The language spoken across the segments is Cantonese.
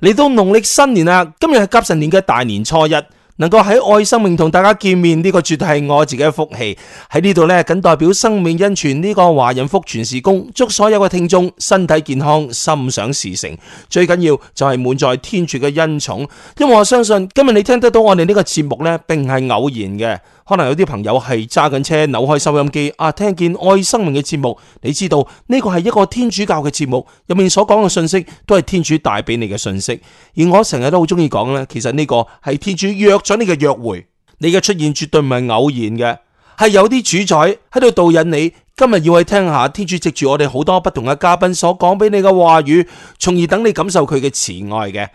嚟到農曆新年啦！今日係甲辰年嘅大年初一，能夠喺愛生命同大家見面，呢個絕對係我自己嘅福氣。喺呢度呢，僅代表生命恩泉呢個華人福傳事工，祝所有嘅聽眾身體健康、心想事成，最緊要就係滿載天主嘅恩寵。因為我相信今日你聽得到我哋呢個節目呢，並唔係偶然嘅。可能有啲朋友係揸緊車，扭開收音機啊，聽見愛生命嘅節目，你知道呢個係一個天主教嘅節目，入面所講嘅信息都係天主帶俾你嘅信息。而我成日都好中意講呢，其實呢個係天主約咗你嘅約會，你嘅出現絕對唔係偶然嘅，係有啲主宰喺度導引你，今日要去聽下天主藉住我哋好多不同嘅嘉賓所講俾你嘅話語，從而等你感受佢嘅慈愛嘅。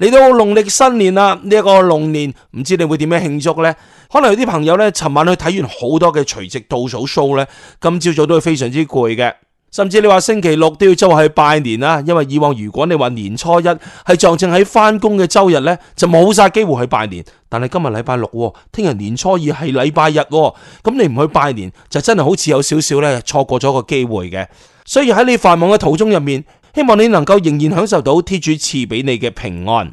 嚟到農曆新年啦！呢、這、一個龍年，唔知你會點樣慶祝呢？可能有啲朋友呢，尋晚去睇完好多嘅除夕倒數 show 咧，今朝早都係非常之攰嘅。甚至你話星期六都要周去拜年啦，因為以往如果你話年初一係撞正喺翻工嘅周日呢，就冇晒機會去拜年。但係今日禮拜六，聽日年初二係禮拜日，咁你唔去拜年，就真係好似有少少呢錯過咗個機會嘅。所以喺你繁忙嘅途中入面，希望你能夠仍然享受到天主賜俾你嘅平安。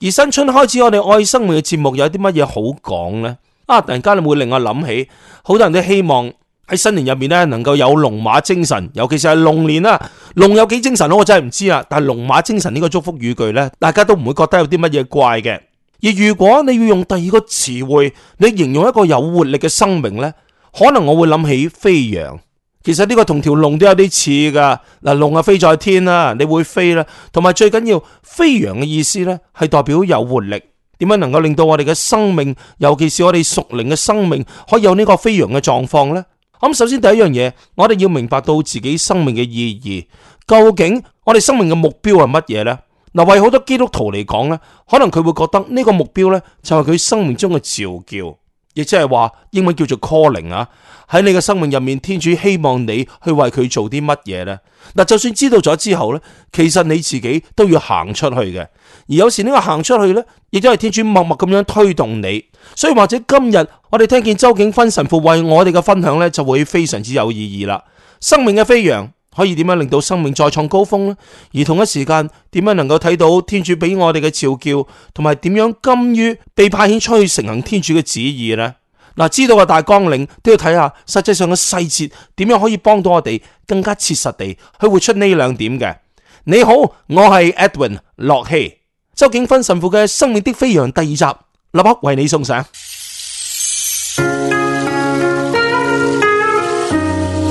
而新春開始我，我哋愛生命嘅節目有啲乜嘢好講呢？啊，突然間你會令我諗起好多人都希望喺新年入面咧能夠有龍馬精神，尤其是係龍年啦，龍有幾精神我真係唔知啊。但係龍馬精神呢個祝福語句呢，大家都唔會覺得有啲乜嘢怪嘅。而如果你要用第二個詞彙，你形容一個有活力嘅生命呢，可能我會諗起飛揚。其實呢個同條龍都有啲似噶，嗱龍啊飛在天啦，你會飛啦，同埋最緊要飛揚嘅意思咧，係代表有活力。點樣能夠令到我哋嘅生命，尤其是我哋屬靈嘅生命，可以有呢個飛揚嘅狀況咧？咁首先第一樣嘢，我哋要明白到自己生命嘅意義，究竟我哋生命嘅目標係乜嘢咧？嗱，為好多基督徒嚟講咧，可能佢會覺得呢個目標咧就係佢生命中嘅召叫。亦即係話，英文叫做 calling 啊！喺你嘅生命入面，天主希望你去為佢做啲乜嘢呢？嗱，就算知道咗之後咧，其實你自己都要行出去嘅。而有時呢個行出去咧，亦都係天主默默咁樣推動你。所以或者今日我哋聽見周景芬神父為我哋嘅分享咧，就會非常之有意義啦！生命嘅飛揚。可以點樣令到生命再創高峰呢？而同一時間點樣能夠睇到天主俾我哋嘅召叫，同埋點樣甘於被派遣出去實行天主嘅旨意呢？嗱，知道個大綱領都要睇下，實際上嘅細節點樣可以幫到我哋更加切實地去活出呢兩點嘅？你好，我係 Edwin 駱曦，周景芬神父嘅《生命的飛揚》第二集，立刻為你送上。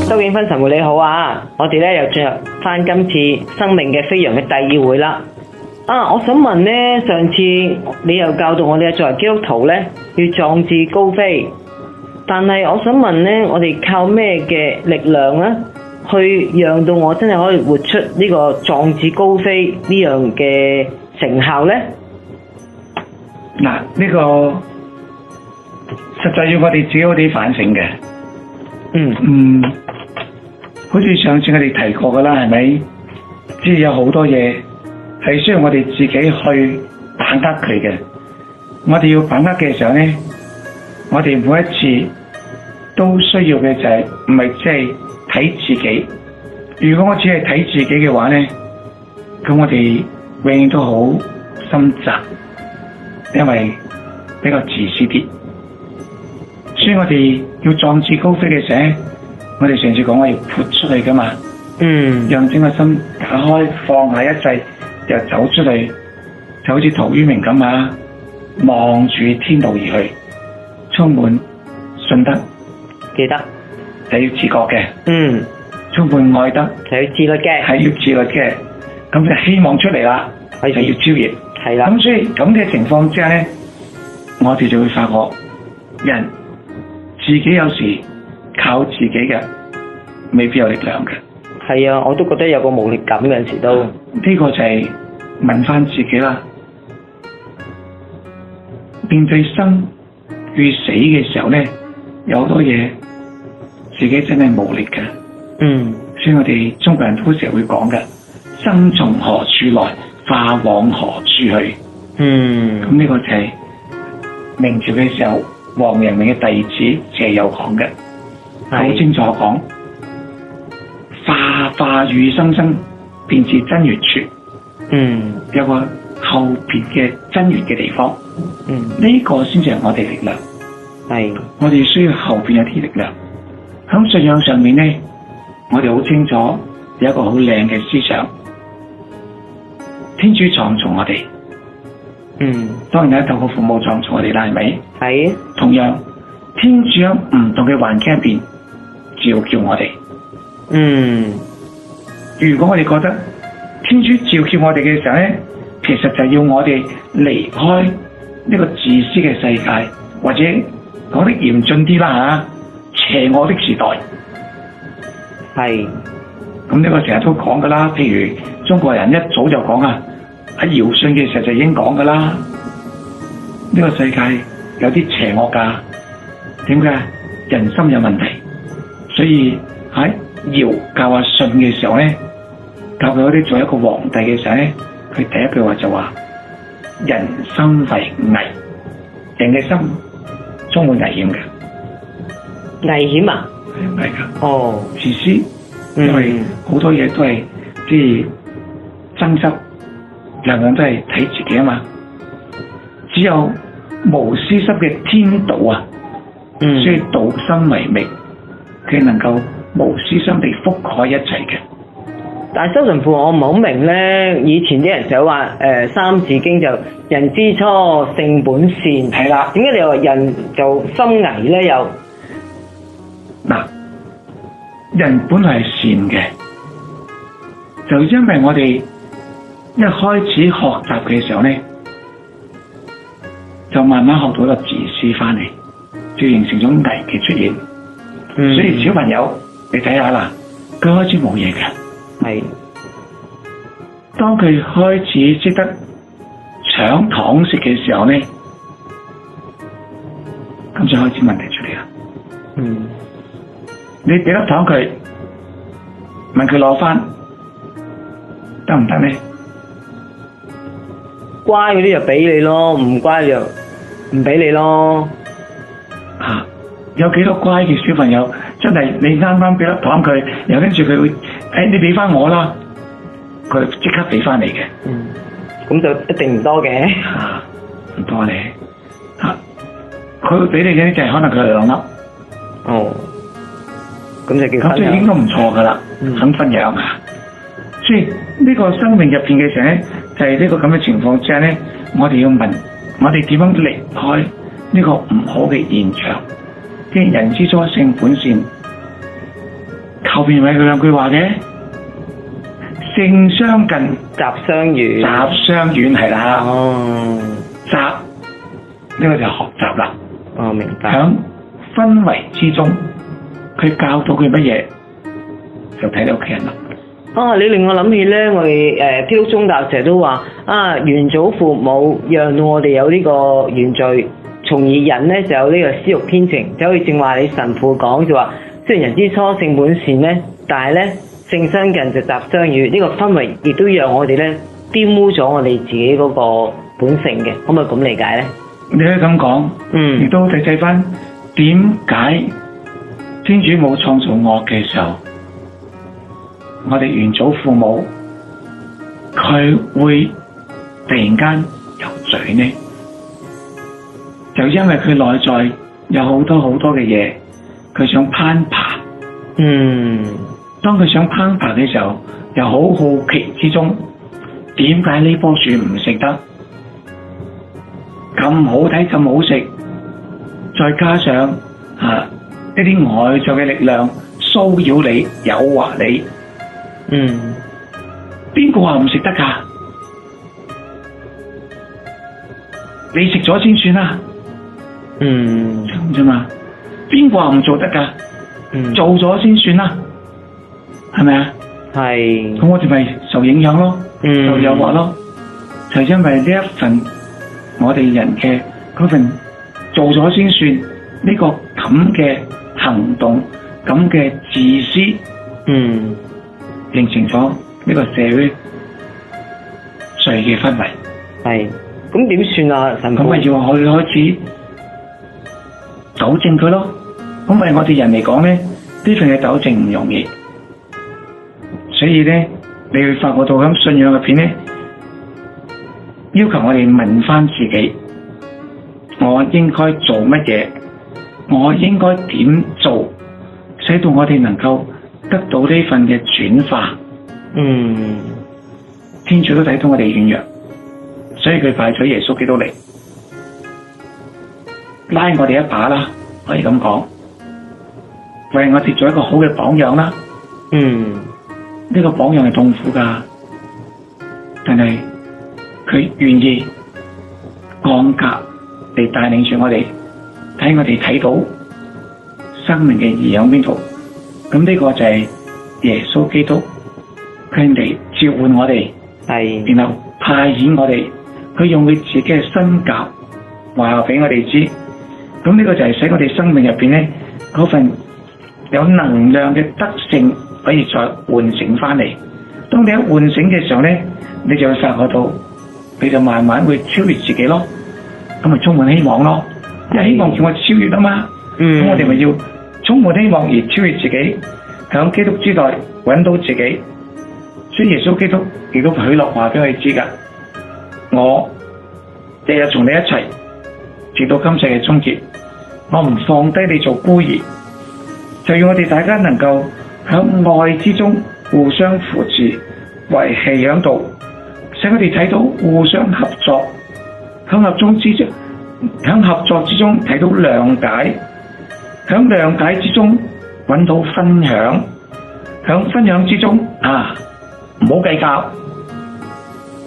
周景芬神父你好啊，我哋咧又進入翻今次生命嘅飛揚嘅第二會啦。啊，我想問咧，上次你又教導我哋作為基督徒咧要壯志高飛，但係我想問咧，我哋靠咩嘅力量咧，去讓到我真係可以活出呢個壯志高飛呢樣嘅成效咧？嗱、這個，呢個實際要我哋自己啲反省嘅。嗯嗯。嗯好似上次我哋提過噶啦，係咪？即係有好多嘢係需要我哋自己去把握佢嘅。我哋要把握嘅時候咧，我哋每一次都需要嘅就係唔係即係睇自己。如果我只係睇自己嘅話咧，咁我哋永遠都好心窄，因為比較自私啲。所以我哋要壯志高飛嘅時候，我哋上次講話要潑出去噶嘛，嗯，讓整個心打開放下一切，又走出嚟，就好似陶淵明咁啊，望住天道而去，充滿信德，記得係要自覺嘅，嗯，充滿愛德，係要自律嘅，係要自律嘅，咁就希望出嚟啦，係就要超越，係啦的，咁所以咁嘅情況之下咧，我哋就會發覺人自己有時。靠自己嘅未必有力量嘅，係啊，我都覺得有個無力感嘅，有時都呢、嗯這個就係、是、問翻自己啦。面對生與死嘅時候咧，有好多嘢自己真係無力嘅。嗯，所以我哋中國人都好常，常會講嘅：生從何處來，化往何處去。嗯，咁呢個就係、是、明朝嘅時候，王陽明嘅弟子謝友講嘅。好是清楚講，化化雨生生，變至真源處。嗯，有一個後邊嘅真源嘅地方。嗯，呢個先至係我哋力量。係，是的 我哋需要後邊有啲力量。響信仰上面咧，我哋好清楚有一個好靚嘅思想，天主創造我哋。嗯，當然喺透過父母創造我哋，係咪？係的。同樣，天主喺唔同嘅環境入邊。照叫我哋，嗯，如果我哋覺得天主召叫我哋嘅時候咧，其實就要我哋離開呢個自私嘅世界，或者講得嚴峻啲啦吓，邪惡的時代係，咁呢是個成日都講噶啦，譬如中國人一早就講啊，喺堯舜嘅時候就已經講噶啦，呢、這個世界有啲邪惡噶，點解人心有問題？所以喺堯教阿信嘅時候咧，教佢嗰啲做一個皇帝嘅時候咧，佢第一句話就話：人生為危，人嘅心充滿危險嘅危險啊！係危噶哦，自私，因為好多嘢都係、嗯、即係爭執，兩人都係睇自己啊嘛。只有無私心嘅天道啊，嗯、所以道心為命。」佢能夠無私相地覆蓋一切嘅，但係修神父，我唔好明咧。以前啲人就話，誒、呃，《三字經》就人之初，性本善，係啦的。點解你又話人就心危咧？又嗱，人本來係善嘅，就因為我哋一開始學習嘅時候咧，就慢慢學到個自私翻嚟，就形成咗危嘅出現。所以小朋友，你睇下啦，佢開始冇嘢嘅。係是，當佢開始識得搶糖食嘅時候咧，咁就開始問題出嚟啦。嗯，你俾粒糖佢，問佢攞翻，得唔得咧？乖嗰啲就俾你咯，唔乖就唔俾你咯。啊！有幾多乖嘅小朋友，真係你啱啱俾粒糖佢，又跟住佢會，誒、欸，你俾翻我啦，佢即刻俾翻你嘅，咁、嗯、就一定唔多嘅，唔、啊、多咧，吓、啊，佢會俾你嘅就係可能佢兩粒，哦，咁就幾，咁即係應該唔錯噶啦，嗯、肯分養啊，所以呢、這個生命入邊嘅時候就係、是、呢個咁嘅情況，之下，咧，我哋要問，我哋點樣離開呢個唔好嘅現場？見人之初，性本善，後面咪佢兩句話嘅。性相近，習相遠，習相遠係啦。哦，習呢、這個就學習啦。哦，明白。響氛圍之中，佢教到佢乜嘢，就睇你屋企人啦。啊，你令我諗起咧，我哋誒，基督教成日都話啊，元祖父母讓我哋有呢個原罪。從而人咧就有呢個私欲偏情，就好似正話你神父講就話，雖然人之初性本善咧，但係咧性相近直習相遠，呢、呢個氛圍亦都讓我哋咧玷污咗我哋自己嗰個本性嘅，可唔可以咁理解咧？你可以咁講，嗯，亦都睇睇翻點解天主冇創造惡嘅時候，我哋原祖父母佢會突然間入嘴呢？就因為佢內在有好多好多嘅嘢，佢想攀爬。嗯，當佢想攀爬嘅時候，又好好奇之中，點解呢棵樹唔食得咁好睇咁好食？再加上啊呢啲外在嘅力量騷擾你、誘惑你。嗯，邊個話唔食得㗎？你食咗先算啦。嗯，咁啫嘛，邊個話唔做得噶？嗯，做咗先算啦，係咪啊？係是。咁我哋咪受影響咯，嗯、受誘惑咯，就係、因為呢一份我哋人嘅嗰份做咗先算呢個咁嘅行動，咁嘅自私，嗯，形成咗呢個社會碎嘅氛圍。係，咁點算啊？神父，咁咪要我哋開始。糾正佢咯，咁咪我哋人嚟講咧，呢份嘢糾正唔容易，所以咧，你會發覺到咁信仰嘅片咧，要求我哋問翻自己，我應該做乜嘢，我應該點做，使到我哋能夠得到呢份嘅轉化。嗯，天主都睇到我哋軟弱，所以佢派咗耶穌基督嚟。拉我哋一把啦，可以咁講，為我哋做一個好嘅榜樣啦。嗯，呢個榜樣係痛苦噶，但係佢願意降格嚟帶領住我哋，睇我哋睇到生命嘅意義邊度。咁呢個就係耶穌基督，佢嚟召喚我哋，係的然後派遣我哋，佢用佢自己嘅身格話俾我哋知。咁呢個就係使我哋生命入邊咧，嗰份有能量嘅德性可以再喚醒翻嚟。當你一喚醒嘅時候咧，你就上海到，你就慢慢會超越自己咯。咁咪充滿希望咯，因為希望叫我超越啊嘛。咁的我哋咪要充滿希望而超越自己，響、嗯、基督之內揾到自己。所以耶穌基督亦都許諾話俾佢知噶，我日日同你一齊，直到今世嘅終結。我唔放低你做孤兒，就要我哋大家能夠喺愛之中互相扶持，維繫響度，使我哋睇到互相合作，響合作之中，響合作之中睇到諒解，響諒解之中搵到分享，響分享之中啊，唔好計較，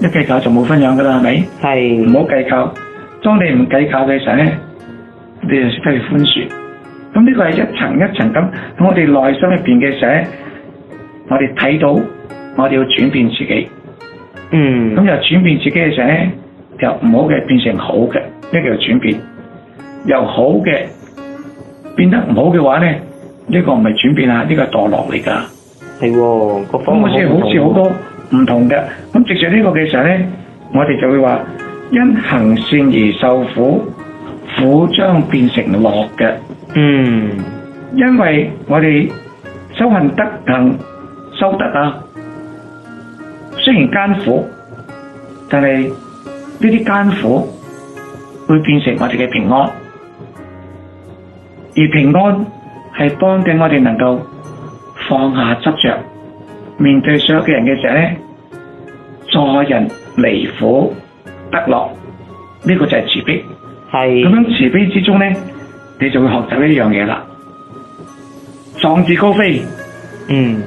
一計較就冇分享噶啦，係咪？係，唔好計較，當你唔計較嘅時候咧。你又識得去寬恕，咁呢個係一層一層咁，我哋內心入邊嘅時候咧，我哋睇到，我哋要轉變自己。嗯，咁又轉變自己嘅時候咧，就唔好嘅變成好嘅，呢叫轉變；由好嘅變得唔好嘅話咧，呢個唔係轉變啊，呢個墮落嚟噶。係、哦，方方個方咁好似好似好多唔同嘅，咁直説呢個嘅時候咧，我哋就會話因行善而受苦。苦將變成樂嘅，嗯，因為我哋修行得行修得啊，雖然艱苦，但係呢啲艱苦會變成我哋嘅平安，而平安係幫緊我哋能夠放下執着，面對所有嘅人嘅時候咧，助人離苦得樂，呢個就係慈悲。咁是樣慈悲之中咧，你就會學習呢樣嘢啦。壯志高飛，嗯，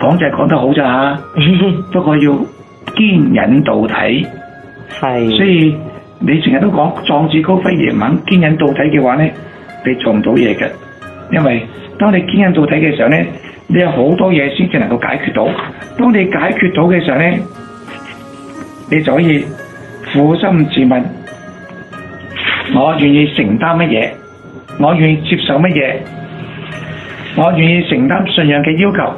講就係講得好咋、啊、吓， 不過要堅忍到底。係是，所以你成日都講壯志高飛、而唔肯、堅忍到底嘅話咧，你做唔到嘢嘅。因為當你堅忍到底嘅時候咧，你有好多嘢先至能夠解決到。當你解決到嘅時候咧，你就可以撫心自問。我願意承擔乜嘢，我願意接受乜嘢，我願意承擔信仰嘅要求，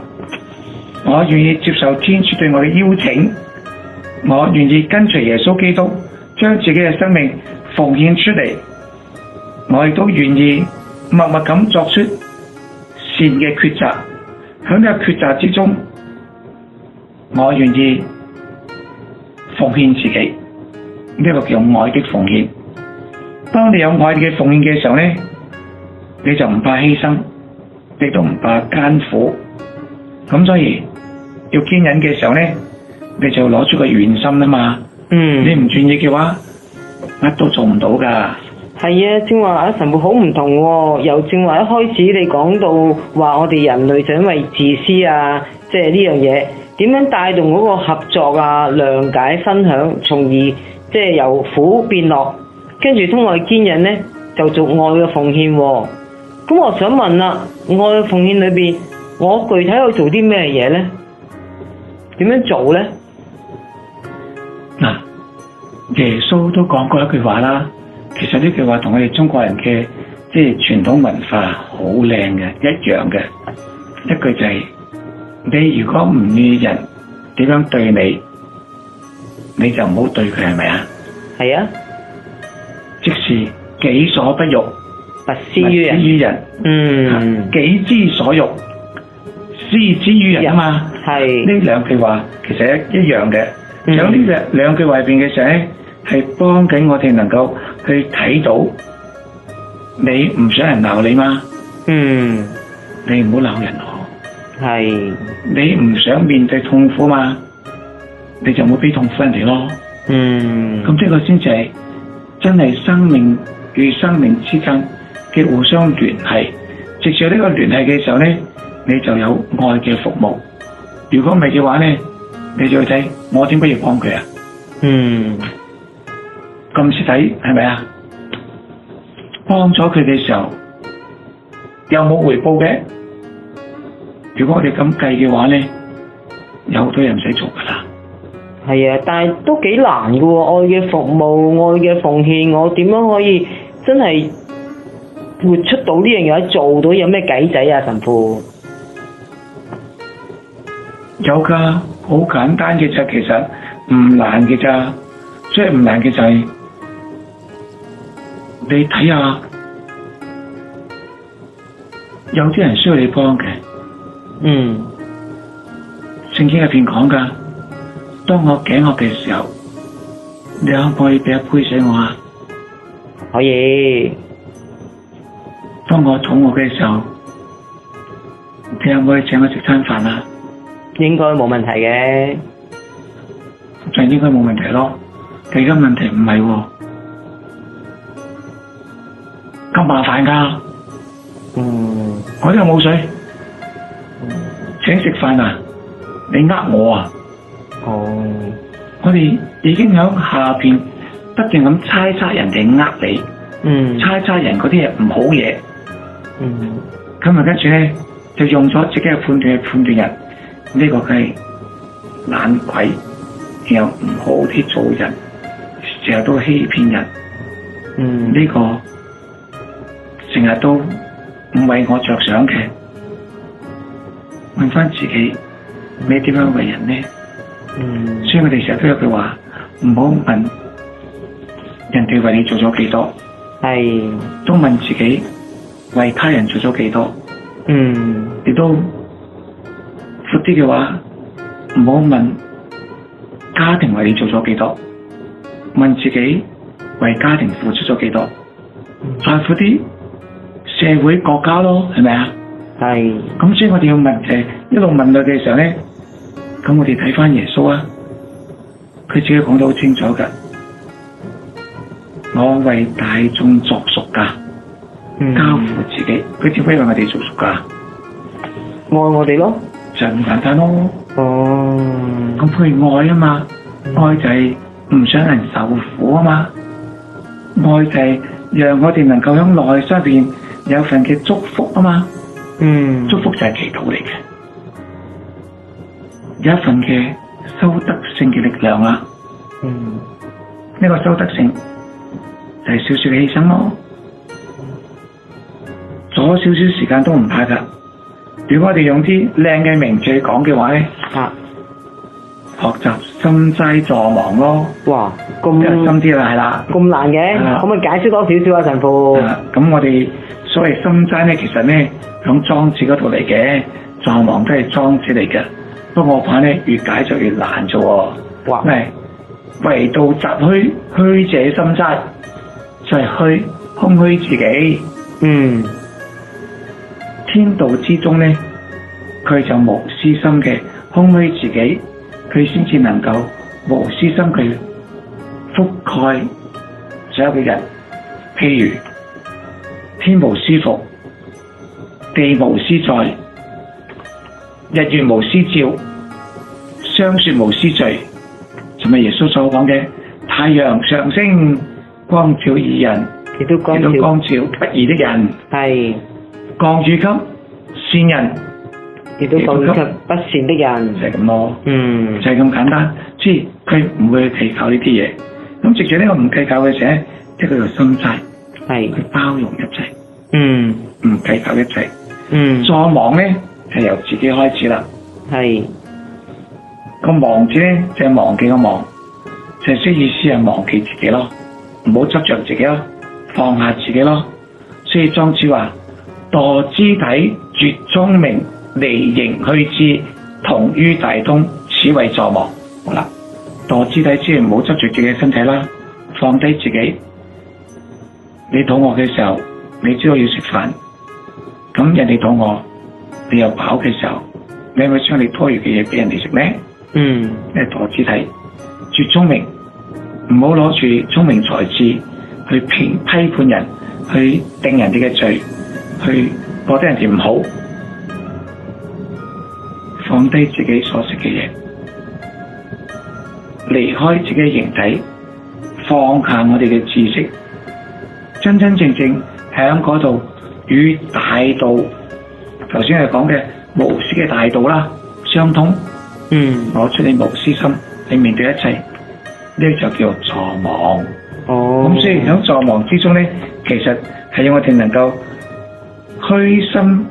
我願意接受天主對我嘅邀請，我願意跟隨耶穌基督，將自己嘅生命奉獻出嚟。我亦都願意默默咁作出善嘅抉擇，喺呢個抉擇之中，我願意奉獻自己，呢個叫愛的奉獻。當你有愛嘅奉獻嘅時候咧，你就唔怕犧牲，你都唔怕艱苦。咁所以要堅忍嘅時候咧，你就攞出個願心啦嘛。嗯，你唔願意嘅話，乜都做唔到噶。係啊，正話阿神父好唔同喎。由正話一開始你講到話我哋人類就因為自私啊，即係呢樣嘢，點樣帶動嗰個合作啊、諒解、分享，從而即係由苦變樂。跟住通過堅忍咧，就做愛嘅奉獻，哦。咁我想問啦，愛嘅奉獻裏邊，我具體去做啲咩嘢咧？點樣做咧？嗱、啊，耶穌都講過一句話啦。其實呢句話同我哋中國人嘅即係傳統文化好靚嘅，一樣嘅。一句就係、是，你如果唔理人，點樣對你，你就唔好對佢，係咪啊？係啊。己所不欲，不施於人。嗯，己之所欲，施之於人啊嘛。係呢兩句話其實一一樣嘅。咁呢兩兩句話入邊嘅寫係幫緊我哋能夠去睇到，你唔想人鬧你嘛？嗯，你唔好鬧人喎。係是你唔想面對痛苦嘛？你就唔好俾痛苦人哋咯。嗯，咁呢個先至係。真係生命與生命之間嘅互相聯繫，藉住呢個聯繫嘅時候咧，你就有愛嘅服務。如果唔係嘅話咧，你再睇我點解要幫佢啊？嗯，咁蝕底係咪啊？幫咗佢嘅時候，有冇回報嘅？如果我哋咁計嘅話咧，有好多人唔使做噶啦。係啊，但係都幾難噶喎，愛嘅服務，愛嘅奉獻，我點樣可以真係活出到呢樣嘢，做到有咩計仔啊？神父，有噶，好簡單嘅啫，其實唔難嘅咋，即係唔難嘅就係，你睇下，有啲人需要你幫嘅，嗯，聖經入邊講噶。當我頸渴嘅時候，你可唔可以俾一杯水我啊？可以。當我肚餓嘅時候，你可唔可以請我食餐飯啊？應該冇問題嘅，就應該冇問題咯。其他問題唔係喎，咁麻煩噶。嗯，我呢度冇水，嗯、請食飯啊？你呃我啊？哦，oh. 我哋已經響下邊不斷咁猜測人哋呃你，嗯、mm.，猜測人啲嘢唔好嘢，嗯，咁啊跟住咧就用咗自己嘅判斷去判斷人，呢個係懶鬼，然後唔好啲做人，成日都欺騙人，嗯、mm. 這個，呢個成日都唔為我着想嘅，問翻自己、mm. 你點樣為人咧？嗯，所以我哋成日都有句話，唔好問人哋為你做咗幾多，係是，都問自己為他人做咗幾多。嗯，亦都闊啲嘅話，唔好問家庭為你做咗幾多，問自己為家庭付出咗幾多，嗯、再闊啲社會國家咯，係咪啊？係是。咁所以我哋要問誒，一路問到嘅時候咧。咁我哋睇返耶穌啊，佢自己講得好清楚噶，我為大眾作贖噶，嗯、交付自己，佢只可以為我哋作贖噶？愛我哋咯，就咁簡單咯。哦，咁佢愛啊嘛，愛就係唔想人受苦啊嘛，愛就係讓我哋能夠喺內心入邊有份嘅祝福啊嘛，嗯，祝福就係祈禱嚟嘅。有一份嘅修德性嘅力量啊！嗯，呢個修德性就係少少嘅犧牲咯，咗少少時間都唔怕噶。如果我哋用啲靚嘅名句講嘅話咧，啊，學習心齋坐忘」咯，哇，咁深啲啦，係啦，咁難嘅，可唔可以解釋多少少啊？神父，咁、啊、我哋所謂心齋咧，其實咧響莊子嗰度嚟嘅，坐忘都係莊子嚟嘅。不過我怕越解就越難做，咩？唯道集虛，虛者心齋，就係虛空虛自己。嗯，天道之中咧，佢就無私心嘅空虛自己，佢先至能夠無私心嘅覆蓋所有嘅人。譬如天無私覆，地無私載。日月無私照，霜雪無私罪，就係耶穌所講嘅太陽上升，光照義人，亦都光照不義的人。係降雨畀善人，亦都光照不善的人，就係咁咯。嗯，就係咁簡單。所以佢唔會計較呢啲嘢。咁直至呢個唔計較嘅時候，即係佢個心態係佢包容一切。嗯，唔計較一切。嗯，作網咧。係由自己開始啦，係個是忘字咧，就係、是、忘記個忘，就所、是、以意思係忘記自己咯，唔好執着自己咯，放下自己咯。所以莊子話：墮肢體絕，絕聰明，離形去知，同於大通，此為坐忘。好啦，墮肢體之前唔好執住自己身體啦，放低自己。你肚餓嘅時候，你知道要食飯，咁人哋肚餓。你又跑嘅時候，你係咪將你、嗯、你多餘嘅嘢俾人哋食咧？嗯，呢個肢體絕聰明，唔好攞住聰明才智去評批判人，去定人哋嘅罪，去覺得人哋唔好，放低自己所食嘅嘢，離開自己嘅形體，放下我哋嘅知識，真真正正響嗰度與大道。頭先係講嘅無私嘅大道啦，相通。嗯，攞出你無私心，你面對一切，呢個就叫坐忘。哦，咁雖然響坐忘之中咧，其實係讓我哋能夠虛心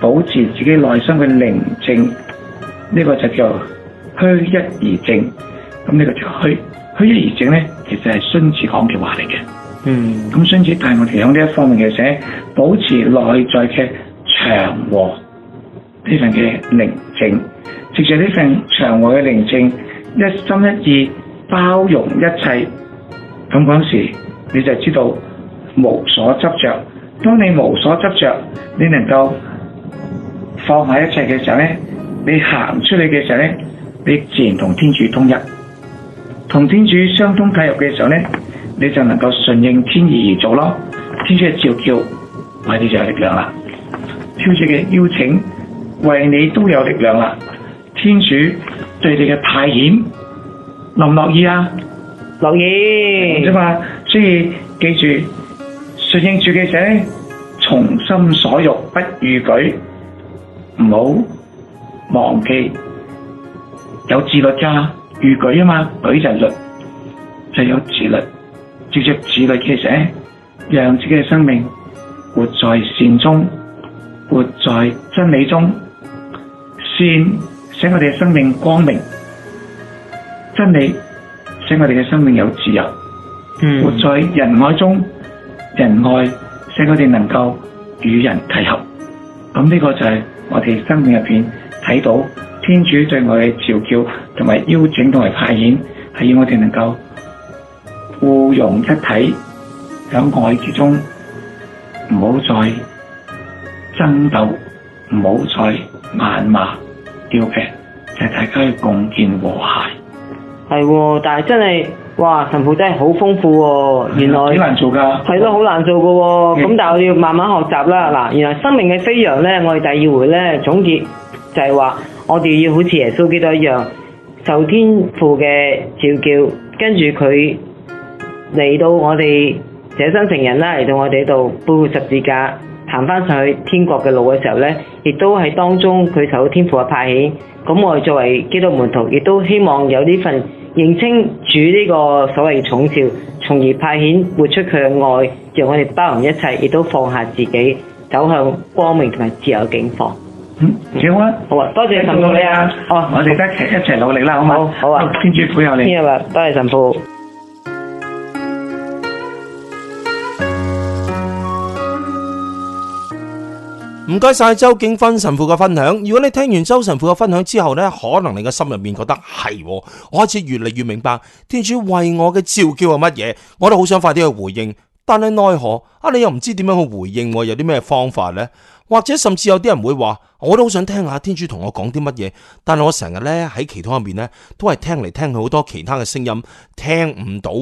保持自己內心嘅寧靜，呢、這個就叫虛，虛一而靜。咁呢個叫虛虛一而靜咧，其實係孫子講嘅話嚟嘅。嗯，咁孫子帶我哋響呢一方面嘅寫，保持內在嘅。祥和呢份嘅寧靜，借着呢份祥和嘅寧靜，一心一意包容一切。咁陣時你就知道無所執着。當你無所執着，你能夠放下一切嘅時候咧，你行出嚟嘅時候咧，你自然同天主通一，同天主相通介入嘅時候咧，你就能夠順應天意而做咯。天主召叫，我哋就有力量啦。超值嘅邀請，為你都有力量啦！天主對你嘅派遣，樂唔樂意啊？樂意。唔止嘛，所以記住，順應住嘅者從心所欲不逾矩，唔好忘記有自律噶，逾矩啊嘛，矩就係律，就有自律，照住自律嘅者，讓自己嘅生命活在善中。活在真理中，善使我哋嘅生命光明；真理使我哋嘅生命有自由。嗯、活在人愛中，人愛使我哋能夠與人契合。咁呢個就係我哋生命入邊睇到天主對我哋嘅召叫同埋邀請同埋派遣，係要我哋能夠互融一體，喺愛之中唔好再。爭鬥唔好再謾罵，叫嘅，就係大家要共建和諧。係、哦，但係真係，哇，神父真係好豐富喎、哦！原來好難做噶，係咯對，好對難做噶、哦。咁、嗯、但係我要慢慢學習啦。嗱，原來生命嘅飛揚咧，我哋第二回咧總結就係話，我哋要好似耶穌基督一樣受天父嘅召叫，跟住佢嚟到我哋捨身成仁啦，嚟到我哋呢度背十字架。行翻上去天國嘅路嘅時候呢，亦都喺當中佢受天父嘅派遣。咁我哋作為基督門徒亦都希望有呢份認清主呢個所謂寵召，從而派遣活出佢嘅愛，讓我哋包容一切，亦都放下自己，走向光明同埋自由嘅境況。嗯，幾好啊，好啊，多謝神父你啊，oh, 我哋一齊一齊努力啦，好唔好？好啊，天主保佑你。聽日啦，多謝神父。唔該晒周敬芬神父嘅分享。如果你聽完周神父嘅分享之後呢，可能你嘅心入面覺得係，我開始越嚟越明白天主為我嘅召叫係乜嘢，我都好想快啲去回應，但係奈何啊，你又唔知點樣去回應，有啲咩方法呢？或者甚至有啲人會話，我都好想聽下天主同我講啲乜嘢，但係我成日咧喺其他入面咧，都係聽嚟聽去好多其他嘅聲音，聽唔到。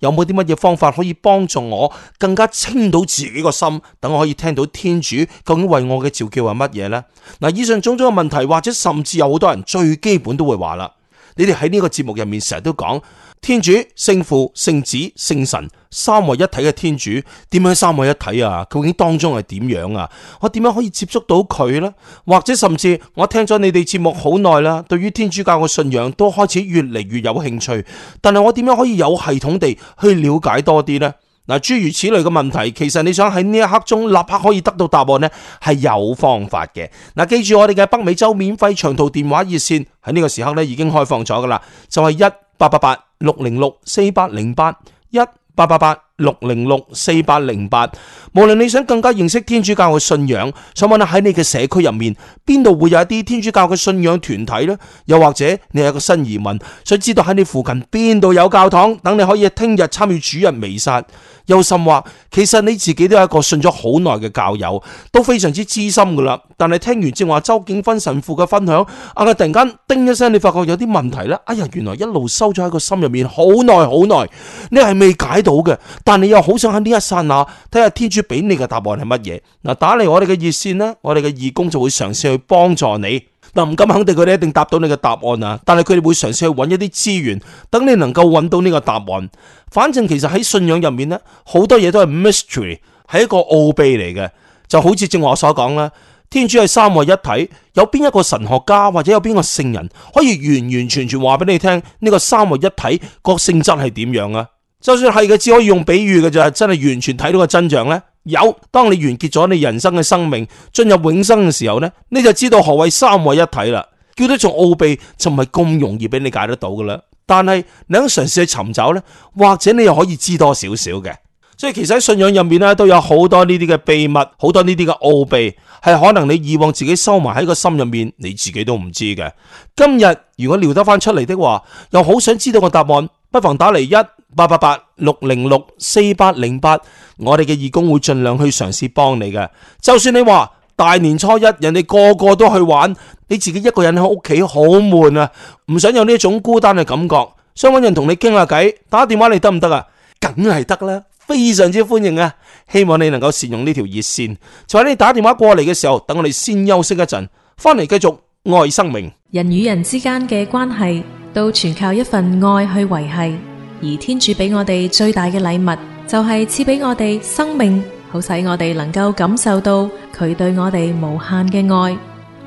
有冇啲乜嘢方法可以幫助我更加清到自己個心，等我可以聽到天主究竟為我嘅召叫係乜嘢呢？嗱，以上種種嘅問題，或者甚至有好多人最基本都會話啦，你哋喺呢個節目入面成日都講。天主、聖父、聖子、聖神三位一體嘅天主，點樣三位一體啊？究竟當中係點樣啊？我點樣可以接觸到佢呢？或者甚至我聽咗你哋節目好耐啦，對於天主教嘅信仰都開始越嚟越有興趣，但係我點樣可以有系統地去了解多啲呢？嗱，諸如此類嘅問題，其實你想喺呢一刻中立刻可以得到答案呢，係有方法嘅。嗱，記住我哋嘅北美洲免費長途電話熱線喺呢個時刻呢已經開放咗噶啦，就係、是、一。八八八六零六四八零八一八八八六零六四八零八，無論你想更加認識天主教嘅信仰，想問下喺你嘅社區入面邊度會有一啲天主教嘅信仰團體呢？又或者你係一個新移民，想知道喺你附近邊度有教堂，等你可以聽日參與主日彌撒。有心話，其實你自己都係一個信咗好耐嘅教友，都非常之資深噶啦。但係聽完正話周景芬神父嘅分享，啊突然間叮一聲，你發覺有啲問題咧。哎呀，原來一路收咗喺個心入面好耐好耐，你係未解到嘅，但你又好想喺呢一剎那睇下天主俾你嘅答案係乜嘢。嗱，打嚟我哋嘅熱線啦，我哋嘅義工就會嘗試去幫助你。唔敢肯定佢哋一定答到你嘅答案啊，但係佢哋會嘗試去揾一啲資源，等你能夠揾到呢個答案。反正其實喺信仰入面咧，好多嘢都係 mystery，係一個奧秘嚟嘅。就好似正話我所講啦，天主係三位一體，有邊一個神學家或者有邊個聖人可以完完全全話俾你聽呢個三位一體個性質係點樣啊？就算係嘅，只可以用比喻嘅就係真係完全睇到個真相咧？有，當你完結咗你人生嘅生命，進入永生嘅時候呢，你就知道何謂三位一體啦。叫得做奧秘就唔係咁容易俾你解得到噶啦。但係你肯嘗試去尋找呢，或者你又可以知多少少嘅。所以其實喺信仰入面咧，都有好多呢啲嘅秘密，好多呢啲嘅奧秘，係可能你以往自己收埋喺個心入面，你自己都唔知嘅。今日如果聊得翻出嚟的話，又好想知道個答案。不妨打嚟，一八八八六零六四八零八，我哋嘅義工會盡量去嘗試幫你嘅。就算你話大年初一人哋個個都去玩，你自己一個人喺屋企好悶啊，唔想有呢種孤單嘅感覺，想揾人同你傾下偈，打電話你得唔得啊？梗係得啦，非常之歡迎啊！希望你能夠善用呢條熱線。就喺你打電話過嚟嘅時候，等我哋先休息一陣，翻嚟繼續愛生命，人與人之間嘅關係。都全靠一份愛去維繫，而天主俾我哋最大嘅禮物，就係賜俾我哋生命，好使我哋能夠感受到佢對我哋無限嘅愛。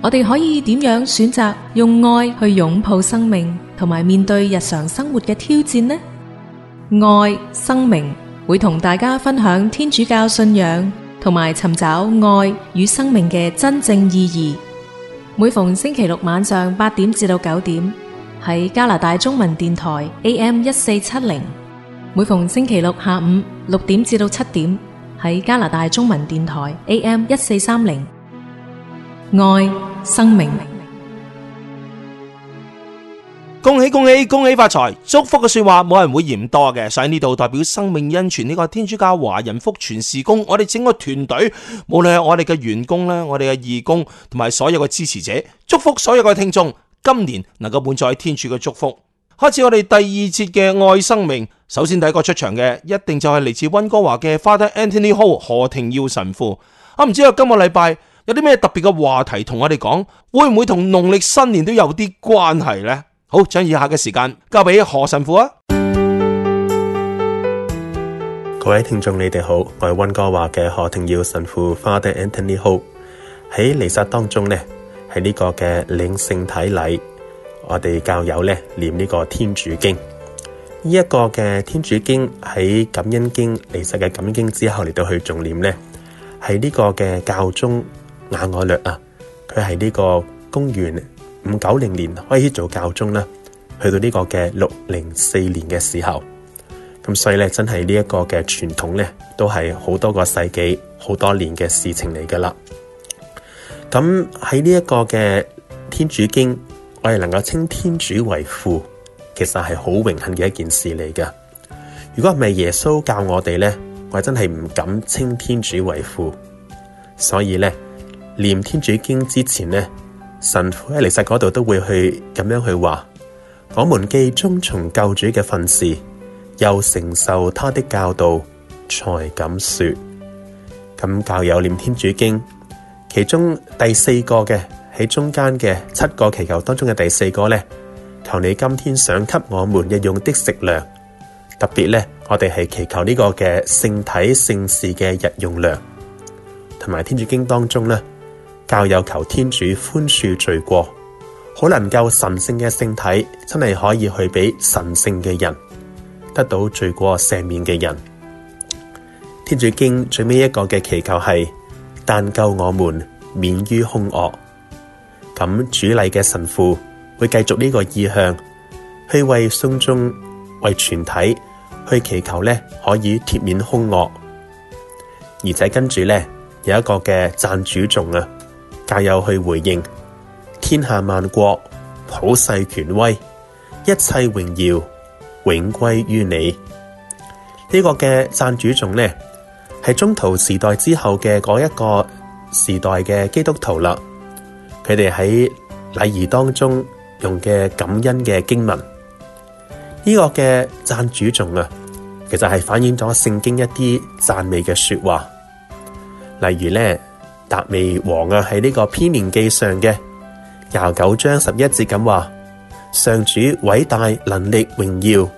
我哋可以點樣選擇用愛去擁抱生命，同埋面對日常生活嘅挑戰呢？愛生命會同大家分享天主教信仰，同埋尋找愛與生命嘅真正意義。每逢星期六晚上八點至到九點。喺加拿大中文電台 AM 1470今年能夠滿載天主嘅祝福，開始我哋第二節嘅愛生命。首先第一個出場嘅一定就係嚟自溫哥華嘅 Father Anthony Ho 何庭耀神父。啊，唔知我、啊、今個禮拜有啲咩特別嘅話題同我哋講，會唔會同農曆新年都有啲關係呢？好，將以下嘅時間交俾何神父啊！各位聽眾，你哋好，我係溫哥華嘅何庭耀神父 Father Anthony Ho 喺彌撒當中呢。喺呢個嘅領聖體禮，我哋教友咧念呢個天主經，呢一個嘅天主經喺感恩經離世嘅感恩經之後嚟到去仲念咧，喺呢個嘅教宗額我略啊，佢喺呢個公元五九零年開始做教宗啦，去到呢個嘅六零四年嘅時候，咁所以咧真係呢一個嘅傳統咧，都係好多個世紀、好多年嘅事情嚟噶啦。咁喺呢一個嘅天主經，我哋能夠稱天主為父，其實係好榮幸嘅一件事嚟㗎。如果唔係耶穌教我哋咧，我真係唔敢稱天主為父。所以咧，念天主經之前咧，神父喺彌撒嗰度都會去咁樣去話：我們既遵從救主嘅訓示，又承受他的教導，才敢說。咁教友念天主經。其中第四個嘅，喺中間嘅七個祈求當中嘅第四個呢，求你今天想給我們日用的食糧。特別呢，我哋係祈求呢個嘅聖體聖事嘅日用糧，同埋天主經當中呢，教友求天主寬恕罪過，好能夠神聖嘅聖體真係可以去俾神聖嘅人得到罪過赦免嘅人。天主經最尾一個嘅祈求係。但救我們免於凶惡，咁主禮嘅神父會繼續呢個意向，去為信眾、為全體去祈求呢，可以貼面凶惡，而且跟住呢，有一個嘅讚主頌啊，教友去回應天下萬國普世權威一切榮耀永歸於你呢、這個嘅讚主頌呢。係中途時代之後嘅嗰一個時代嘅基督徒啦。佢哋喺禮儀當中用嘅感恩嘅經文，呢、這個嘅讚主頌啊，其實係反映咗聖經一啲讚美嘅說話。例如咧，達味王啊，喺呢個編年紀上嘅廿九章十一節咁話：上主偉大能力榮耀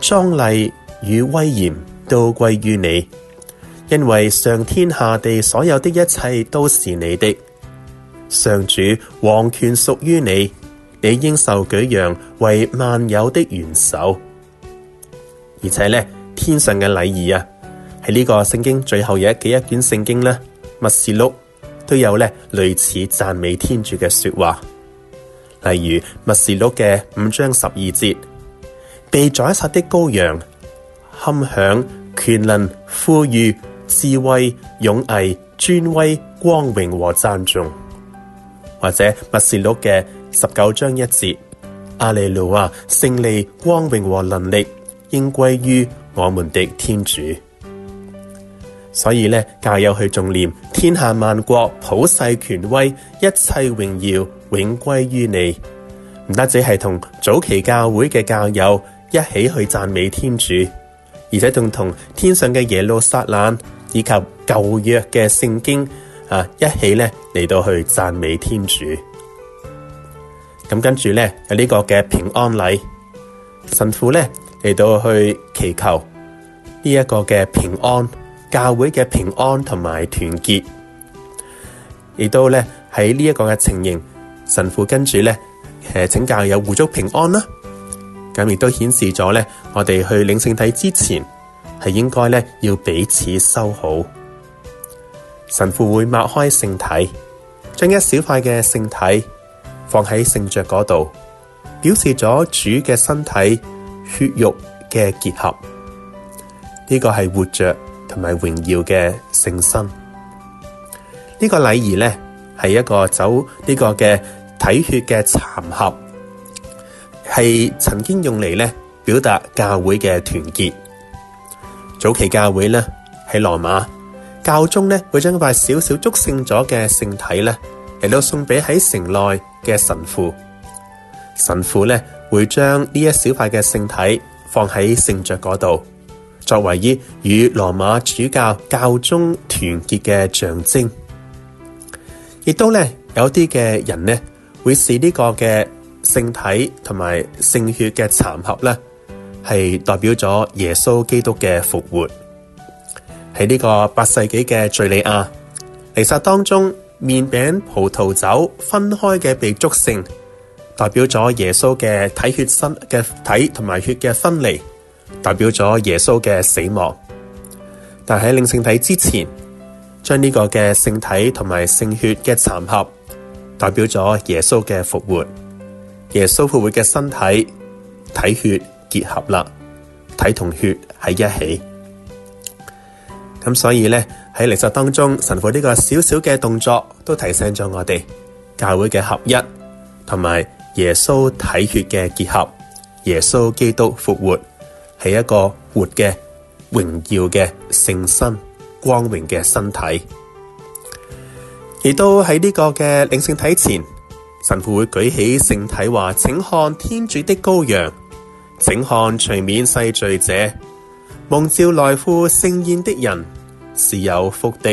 壯麗與威嚴都歸於你。因為上天下地所有的一切都是你的，上主王權屬於你，你應受舉揚為萬有的元首。而且呢，天上嘅禮儀啊，喺呢個聖經最後嘢嘅一,一卷聖經咧，默示錄都有呢類似贊美天主嘅說話。例如默示錄嘅五章十二節，被宰殺的羔羊，堪享權能，富裕。智慧、勇毅、尊威、光榮和讚頌，或者《默示錄》嘅十九章一節，阿肋路亞、啊，勝利、光榮和能力，應歸於我們的天主。所以咧，教友去誦念天下萬國普世權威，一切榮耀永歸於你。唔單止係同早期教會嘅教友一起去讚美天主，而且仲同，同天上嘅耶路撒冷。以及舊約嘅聖經啊，一起呢嚟到去讚美天主。咁、嗯、跟住呢，有呢個嘅平安禮，神父呢，嚟到去祈求呢一、這個嘅平安，教會嘅平安同埋團結。亦都呢，喺呢一個嘅情形，神父跟住呢，誒、呃、請教友互祝平安啦。咁、嗯、亦都顯示咗呢，我哋去領聖體之前。係應該咧，要彼此修好。神父會擘開聖體，將一小塊嘅聖體放喺聖爵嗰度，表示咗主嘅身體血肉嘅結合。呢個係活着同埋榮耀嘅聖心。呢個禮儀咧係一個走呢個嘅體血嘅殘合，係曾經用嚟咧表達教會嘅團結。早期教會呢喺羅馬教宗呢，會將一塊小小祝聖咗嘅聖體呢，亦都送俾喺城內嘅神父。神父呢會將呢一小塊嘅聖體放喺聖爵嗰度，作為以與羅馬主教教宗團結嘅象徵。亦都呢，有啲嘅人呢會使呢個嘅聖體同埋聖血嘅殘合呢。係代表咗耶穌基督嘅復活喺呢個八世紀嘅敘利亞尼撒當中，麵餅、葡萄酒分開嘅被祝聖，代表咗耶穌嘅體血身嘅體同埋血嘅分離，代表咗耶穌嘅死亡。但喺領聖體之前，將呢個嘅聖體同埋聖血嘅摻合，代表咗耶穌嘅復活。耶穌復活嘅身體體血。結合啦，體同血喺一起咁，所以呢，喺歷史當中，神父呢個小小嘅動作都提醒咗我哋教會嘅合一，同埋耶穌體血嘅結合。耶穌基督復活係一個活嘅榮耀嘅聖身、光榮嘅身體，亦都喺呢個嘅領聖體前，神父會舉起聖體，話請看天主的羔羊。請看，除免世罪者，蒙召來赴聖宴的人是有福的。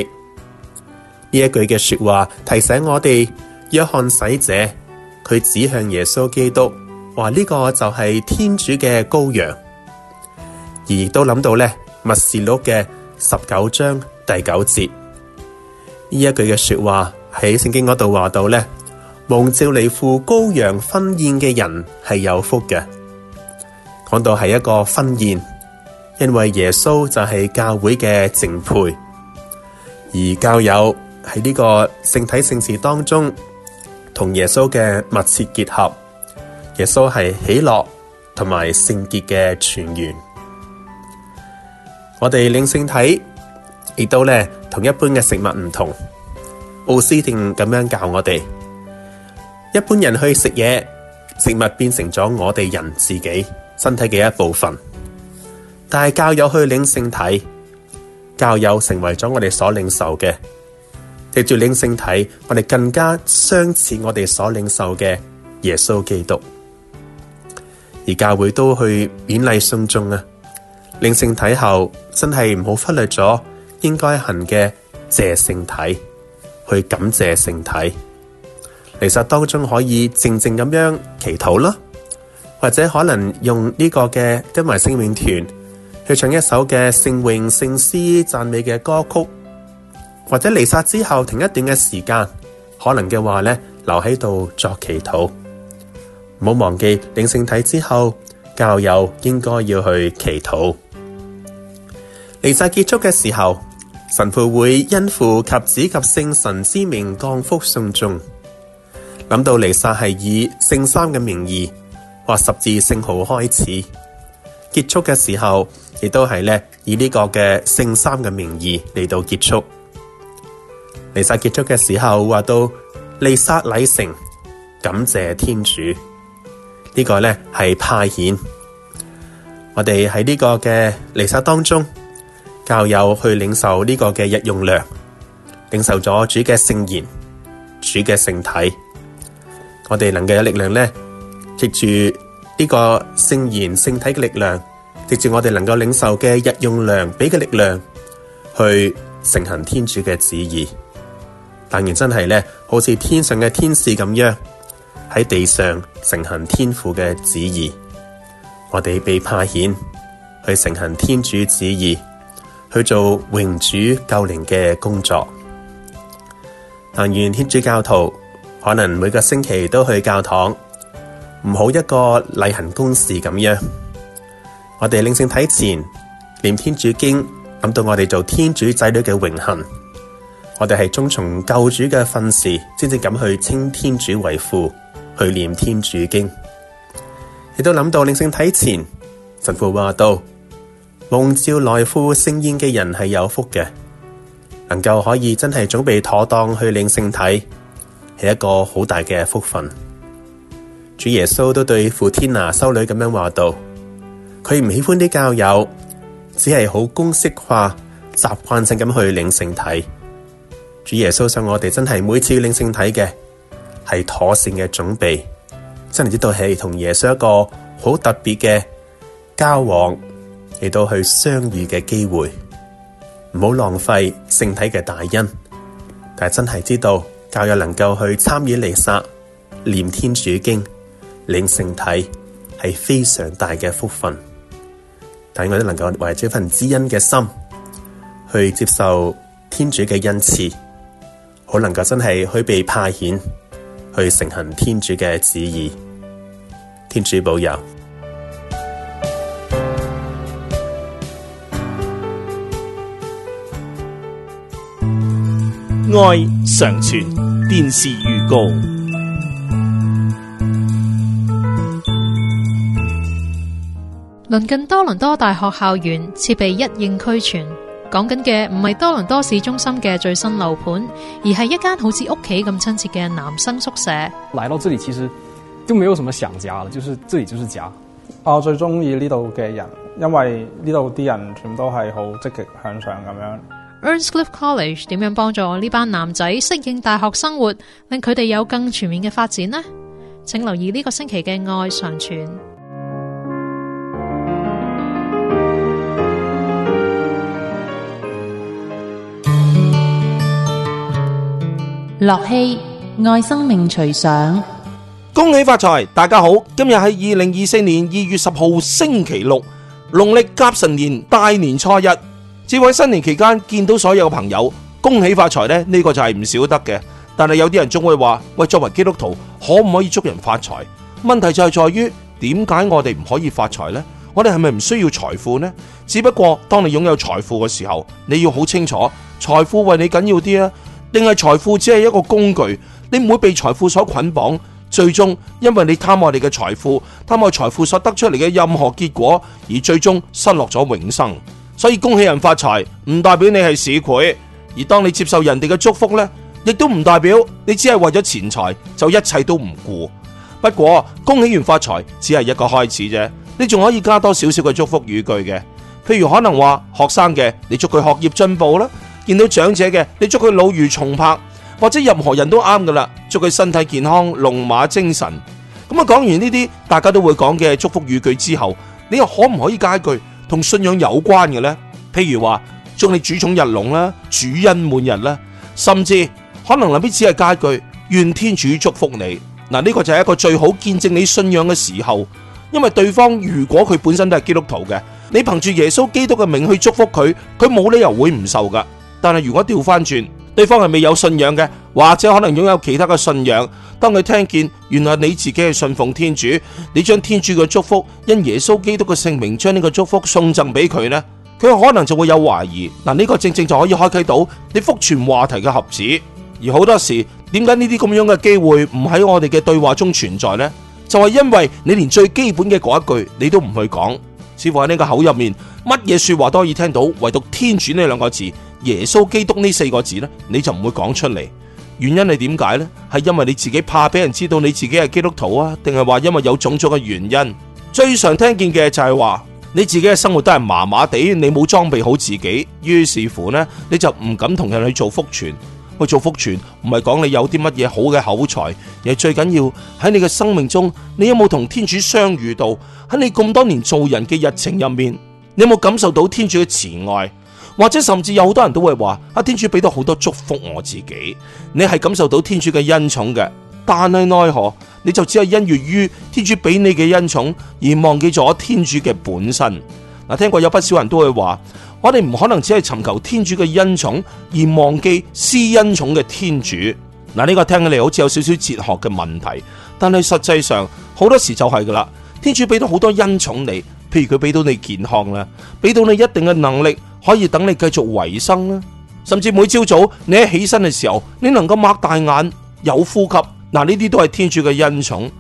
呢一句嘅說話提醒我哋，約翰洗者佢指向耶穌基督，話呢個就係天主嘅羔羊。而都諗到呢默示錄嘅十九章第九節，呢一句嘅說話喺聖經嗰度話到呢，蒙召嚟赴羔羊婚宴嘅人係有福嘅。講到係一個婚宴，因為耶穌就係教會嘅淨配，而教友喺呢個聖體聖事當中同耶穌嘅密切結合。耶穌係喜樂同埋聖潔嘅泉源。我哋領聖體，亦都咧同一般嘅食物唔同。奧斯定咁樣教我哋，一般人去食嘢，食物變成咗我哋人自己。身體嘅一部分，但係教友去領聖體，教友成為咗我哋所領受嘅，藉住領聖體，我哋更加相似我哋所領受嘅耶穌基督。而教會都去勉勵信眾啊，領聖體後真係唔好忽略咗應該行嘅謝聖體，去感謝聖體，彌撒當中可以靜靜咁樣祈禱啦。或者可能用呢個嘅跟埋聖詠團去唱一首嘅聖詠聖詩讚美嘅歌曲，或者彌撒之後停一段嘅時間，可能嘅話咧留喺度作祈禱，唔好忘記領聖體之後教友應該要去祈禱。彌撒結束嘅時候，神父會因父及子及聖神之名降福信眾。諗到彌撒係以聖三嘅名義。話十字聖號開始，結束嘅時候亦都係咧以呢個嘅聖三嘅名義嚟到結束。彌撒結束嘅時候話到彌撒禮成，感謝天主。這個、呢個咧係派遣我哋喺呢個嘅彌撒當中，教友去領受呢個嘅日用糧，領受咗主嘅聖言、主嘅聖體，我哋能夠有力量咧。藉住呢個聖言聖體嘅力量，藉住我哋能夠領受嘅日用糧俾嘅力量，去成行天主嘅旨意。但願真係呢，好似天上嘅天使咁樣喺地上成行天父嘅旨意。我哋被派遣去成行天主旨意，去做榮主救靈嘅工作。但願天主教徒可能每個星期都去教堂。唔好一個例行公事咁樣，我哋領聖體前念天主經，諗到我哋做天主仔女嘅榮幸，我哋係遵從救主嘅訓示，先至敢去稱天主為父，去念天主經，亦都諗到領聖體前，神父話到蒙召來赴聖宴嘅人係有福嘅，能夠可以真係準備妥當去領聖體，係一個好大嘅福分。」主耶穌都對傅天娜修女咁樣話道：佢唔喜歡啲教友，只係好公式化、習慣性咁去領聖體。主耶穌想我哋真係每次領聖體嘅係妥善嘅準備。真係呢度係同耶穌一個好特別嘅交往，嚟到去相遇嘅機會，唔好浪費聖體嘅大恩。但係真係知道教友能夠去參與彌撒，念天主經。領聖體係非常大嘅福分，但我都能夠為這份知恩嘅心去接受天主嘅恩賜，我能夠真係去被派遣去承行天主嘅旨意。天主保佑。愛常存，電視預告。鄰近多倫多大學校園，設備一應俱全。講緊嘅唔係多倫多市中心嘅最新樓盤，而係一間好似屋企咁親切嘅男生宿舍。嚟到這裏其實都沒有什麼想家啦，就是這裏就是家。我最中意呢度嘅人，因為呢度啲人全部都係好積極向上咁樣。Earnscliffe College 點樣幫助呢班男仔適應大學生活，令佢哋有更全面嘅發展呢？請留意呢個星期嘅《愛常傳》。駱曦愛生命隨想，恭喜發財！大家好，今日係二零二四年二月十號星期六，農曆甲辰年大年初一。置位新年期間見到所有朋友，恭喜發財呢，呢、呢個就係唔少得嘅。但係有啲人仲會話：喂，作為基督徒，可唔可以祝人發財？問題就係在於，點解我哋唔可以發財呢？我哋係咪唔需要財富呢？只不過，當你擁有財富嘅時候，你要好清楚，財富為你緊要啲啊！定係財富只係一個工具，你唔會被財富所捆綁。最終，因為你貪愛你嘅財富，貪愛財富所得出嚟嘅任何結果，而最終失落咗永生。所以恭喜人發財，唔代表你係市儈。而當你接受人哋嘅祝福呢，亦都唔代表你只係為咗錢財就一切都唔顧。不過恭喜完發財，只係一個開始啫。你仲可以加多少少嘅祝福語句嘅，譬如可能話學生嘅，你祝佢學業進步啦。見到長者嘅，你祝佢老如松柏，或者任何人都啱噶啦。祝佢身體健康，龍馬精神。咁啊，講完呢啲，大家都會講嘅祝福語句之後，你又可唔可以加一句同信仰有關嘅呢？譬如話祝你主寵日隆啦，主恩滿日啦，甚至可能臨邊只係加一句願天主祝福你嗱。呢個就係一個最好見證你信仰嘅時候，因為對方如果佢本身都係基督徒嘅，你憑住耶穌基督嘅名去祝福佢，佢冇理由會唔受噶。但係如果調翻轉，對方係未有信仰嘅，或者可能擁有其他嘅信仰。當佢聽見原來你自己係信奉天主，你將天主嘅祝福因耶穌基督嘅聖名將呢個祝福送贈俾佢呢，佢可能就會有懷疑。嗱，呢個正正就可以開啟到你福傳話題嘅盒子。而好多時，點解呢啲咁樣嘅機會唔喺我哋嘅對話中存在呢？就係因為你連最基本嘅嗰一句你都唔去講。似乎喺呢個口入面，乜嘢說話都可以聽到，唯獨天主呢兩個字，耶穌基督呢四個字呢，你就唔會講出嚟。原因係點解呢？係因為你自己怕俾人知道你自己係基督徒啊，定係話因為有種種嘅原因？最常聽見嘅就係話你自己嘅生活都係麻麻地，你冇裝備好自己，於是乎呢，你就唔敢同人去做福傳。去做福傳，唔係講你有啲乜嘢好嘅口才，而最緊要喺你嘅生命中，你有冇同天主相遇到？喺你咁多年做人嘅日程入面，你有冇感受到天主嘅慈愛？或者甚至有好多人都會話：阿天主俾到好多祝福我自己，你係感受到天主嘅恩寵嘅，但係奈何你就只係因悦於天主俾你嘅恩寵，而忘記咗天主嘅本身。嗱，聽過有不少人都會話。我哋唔可能只係尋求天主嘅恩寵，而忘記施恩寵嘅天主。嗱，呢個聽起嚟好似有少少哲學嘅問題，但係實際上好多時就係噶啦。天主俾到好多恩寵你，譬如佢俾到你健康啦，俾到你一定嘅能力，可以等你繼續維生啦，甚至每朝早你一起身嘅時候，你能夠擘大眼有呼吸，嗱，呢啲都係天主嘅恩寵。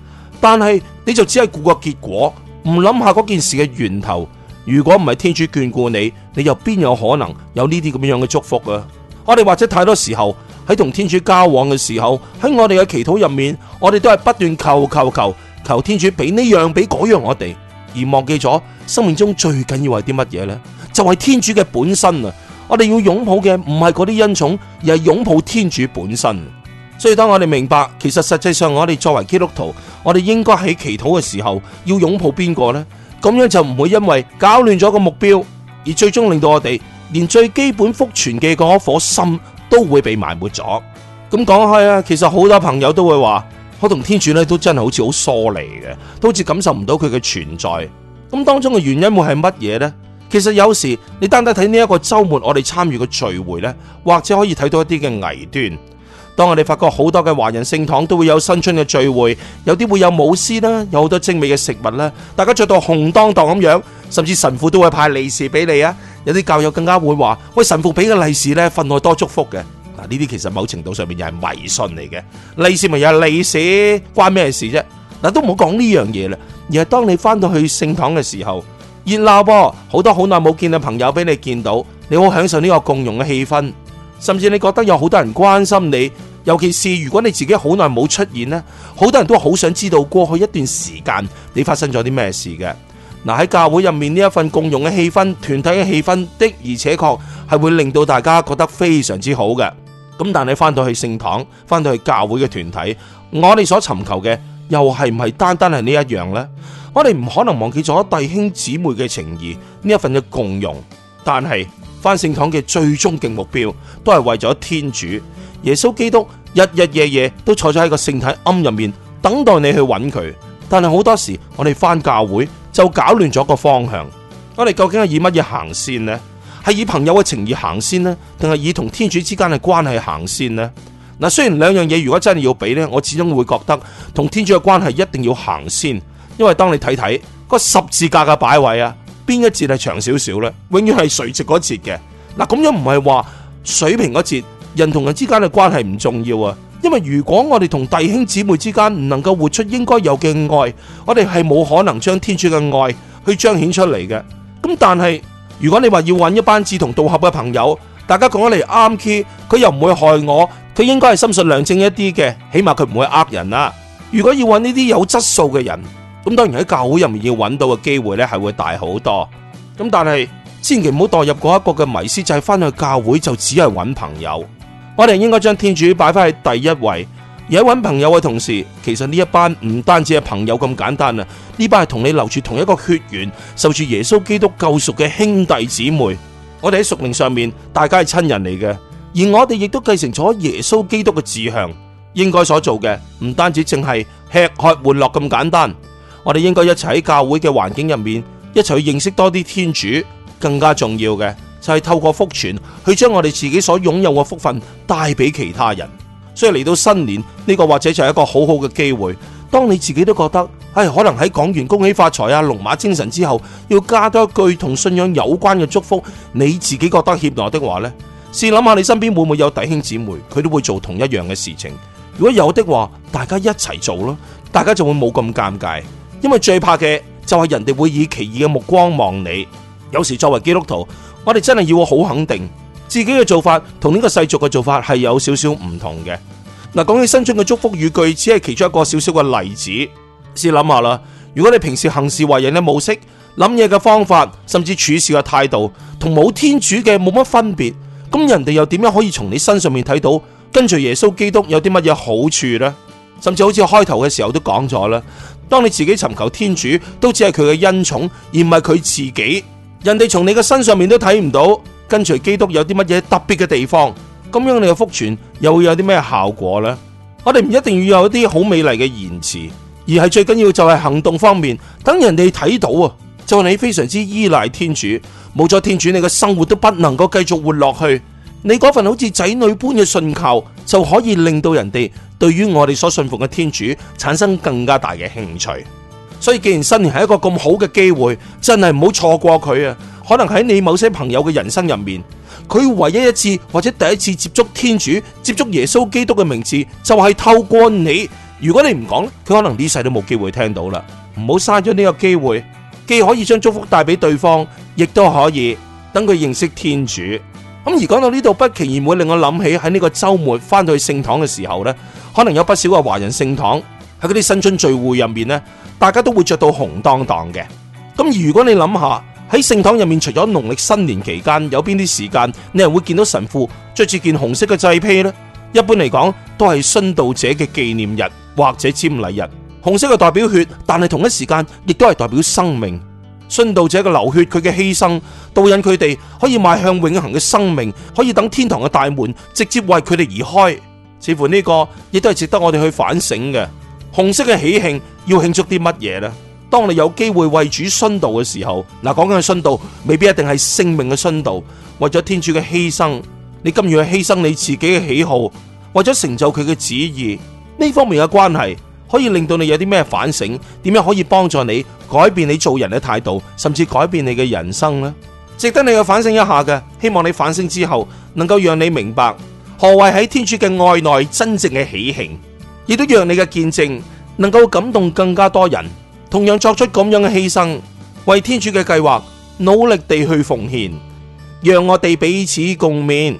但係你就只係顧個結果，唔諗下嗰件事嘅源頭。如果唔係天主眷顧你，你又邊有可能有呢啲咁樣嘅祝福啊？我哋或者太多時候喺同天主交往嘅時候，喺我哋嘅祈禱入面，我哋都係不斷求求求求，求天主俾呢樣俾嗰樣我哋，而忘記咗生命中最緊要係啲乜嘢呢？就係天主嘅本身啊！我哋要擁抱嘅唔係嗰啲恩寵，而係擁抱天主本身。所以當我哋明白，其實實際上我哋作為基督徒，我哋應該喺祈禱嘅時候要擁抱邊個呢？咁樣就唔會因為搞亂咗個目標，而最終令到我哋連最基本復存嘅嗰一顆心都會被埋沒咗。咁講開啊，其實好多朋友都會話，我同天主咧都真係好似好疏離嘅，都好似感受唔到佢嘅存在。咁當中嘅原因會係乜嘢呢？其實有時你單單睇呢一個周末我哋參與嘅聚會呢，或者可以睇到一啲嘅危端。當我哋發覺好多嘅華人聖堂都會有新春嘅聚會，有啲會有舞獅啦，有好多精美嘅食物啦，大家着到紅當當咁樣，甚至神父都會派利是俾你啊！有啲教友更加會話：喂，神父俾個利是呢，份外多祝福嘅。嗱，呢啲其實某程度上面又係迷信嚟嘅，利是咪又係利是，關咩事啫？嗱，都唔好講呢樣嘢啦。而係當你翻到去聖堂嘅時候，熱鬧噃，好多好耐冇見嘅朋友俾你見到，你好享受呢個共融嘅氣氛。甚至你覺得有好多人關心你，尤其是如果你自己好耐冇出現咧，好多人都好想知道過去一段時間你發生咗啲咩事嘅。嗱、啊、喺教會入面呢一份共融嘅氣氛、團體嘅氣氛的而且確係會令到大家覺得非常之好嘅。咁但你翻到去聖堂、翻到去教會嘅團體，我哋所尋求嘅又係唔係單單係呢一樣呢？我哋唔可能忘記咗弟兄姊妹嘅情誼呢一份嘅共融，但係，返聖堂嘅最終極目標，都係為咗天主耶穌基督，日日夜夜都坐咗喺個聖體龕入面，等待你去揾佢。但係好多時，我哋返教會就搞亂咗個方向。我哋究竟係以乜嘢行先呢？係以朋友嘅情意行先呢？定係以同天主之間嘅關係行先呢？嗱，雖然兩樣嘢，如果真係要比呢，我始終會覺得同天主嘅關係一定要行先，因為當你睇睇個十字架嘅擺位啊。邊一節係長少少呢？永遠係垂直嗰節嘅。嗱、啊、咁樣唔係話水平嗰節，人同人之間嘅關係唔重要啊。因為如果我哋同弟兄姊妹之間唔能夠活出應該有嘅愛，我哋係冇可能將天主嘅愛去彰顯出嚟嘅。咁、嗯、但係如果你話要揾一班志同道合嘅朋友，大家講起嚟啱 key，佢又唔會害我，佢應該係心術良正一啲嘅，起碼佢唔會呃人啊。如果要揾呢啲有質素嘅人。咁當然喺教會入面要揾到嘅機會呢係會大好多。咁但係千祈唔好代入嗰一個嘅迷思，就係翻去教會就只係揾朋友。我哋應該將天主擺翻喺第一位。而喺揾朋友嘅同時，其實呢一班唔單止係朋友咁簡單啊。呢班係同你留住同一個血緣，受住耶穌基督救贖嘅兄弟姊妹。我哋喺屬靈上面大家係親人嚟嘅，而我哋亦都繼承咗耶穌基督嘅志向，應該所做嘅唔單止淨係吃喝玩樂咁簡單。我哋應該一齊喺教會嘅環境入面一齊去認識多啲天主。更加重要嘅就係透過福傳去將我哋自己所擁有嘅福分帶俾其他人。所以嚟到新年呢個或者就係一個好好嘅機會。當你自己都覺得唉，可能喺講完恭喜發財啊、龍馬精神之後，要加多一句同信仰有關嘅祝福，你自己覺得怯懦的話呢，試諗下你身邊會唔會有弟兄姊妹佢都會做同一樣嘅事情？如果有的話，大家一齊做啦，大家就會冇咁尷尬。因為最怕嘅就係、是、人哋會以歧異嘅目光望你。有時作為基督徒，我哋真係要好肯定自己嘅做法同呢個世俗嘅做法係有少少唔同嘅。嗱，講起新春嘅祝福語句，只係其中一個少少嘅例子。試諗下啦，如果你平時行事為人嘅模式，諗嘢嘅方法，甚至處事嘅態度，同冇天主嘅冇乜分別，咁人哋又點樣可以從你身上面睇到跟隨耶穌基督有啲乜嘢好處呢？甚至好似開頭嘅時候都講咗啦。當你自己尋求天主，都只係佢嘅恩寵，而唔係佢自己。人哋從你嘅身上面都睇唔到跟隨基督有啲乜嘢特別嘅地方，咁樣你嘅福傳又會有啲咩效果呢？我哋唔一定要有一啲好美麗嘅言辭，而係最緊要就係行動方面，等人哋睇到啊，就你非常之依賴天主，冇咗天主你嘅生活都不能夠繼續活落去。你嗰份好似仔女般嘅信靠，就可以令到人哋對於我哋所信奉嘅天主產生更加大嘅興趣。所以，既然新年係一個咁好嘅機會，真係唔好錯過佢啊！可能喺你某些朋友嘅人生入面，佢唯一一次或者第一次接觸天主、接觸耶穌基督嘅名字，就係透過你。如果你唔講，佢可能呢世都冇機會聽到啦。唔好嘥咗呢個機會，既可以將祝福帶俾對方，亦都可以等佢認識天主。咁而講到呢度，不其然會令我諗起喺呢個周末翻到去聖堂嘅時候呢，可能有不少嘅華人聖堂喺嗰啲新春聚會入面呢，大家都會着到紅當當嘅。咁如果你諗下喺聖堂入面，除咗農曆新年期間，有邊啲時間你係會見到神父着住件紅色嘅祭披呢？一般嚟講，都係殉道者嘅紀念日或者瞻禮日。紅色嘅代表血，但係同一時間亦都係代表生命。殉道者嘅流血，佢嘅犧牲，導引佢哋可以邁向永恆嘅生命，可以等天堂嘅大門直接為佢哋而開。似乎呢個亦都係值得我哋去反省嘅。紅色嘅喜慶要慶祝啲乜嘢呢？當你有機會為主殉道嘅時候，嗱講緊嘅殉道未必一定係性命嘅殉道，為咗天主嘅犧牲，你甘願去犧牲你自己嘅喜好，為咗成就佢嘅旨意，呢方面嘅關係。可以令到你有啲咩反省？點樣可以幫助你改變你做人嘅態度，甚至改變你嘅人生呢？值得你去反省一下嘅。希望你反省之後，能夠讓你明白何謂喺天主嘅愛內真正嘅喜慶，亦都讓你嘅見證能夠感動更加多人，同樣作出咁樣嘅犧牲，為天主嘅計劃努力地去奉獻，讓我哋彼此共勉。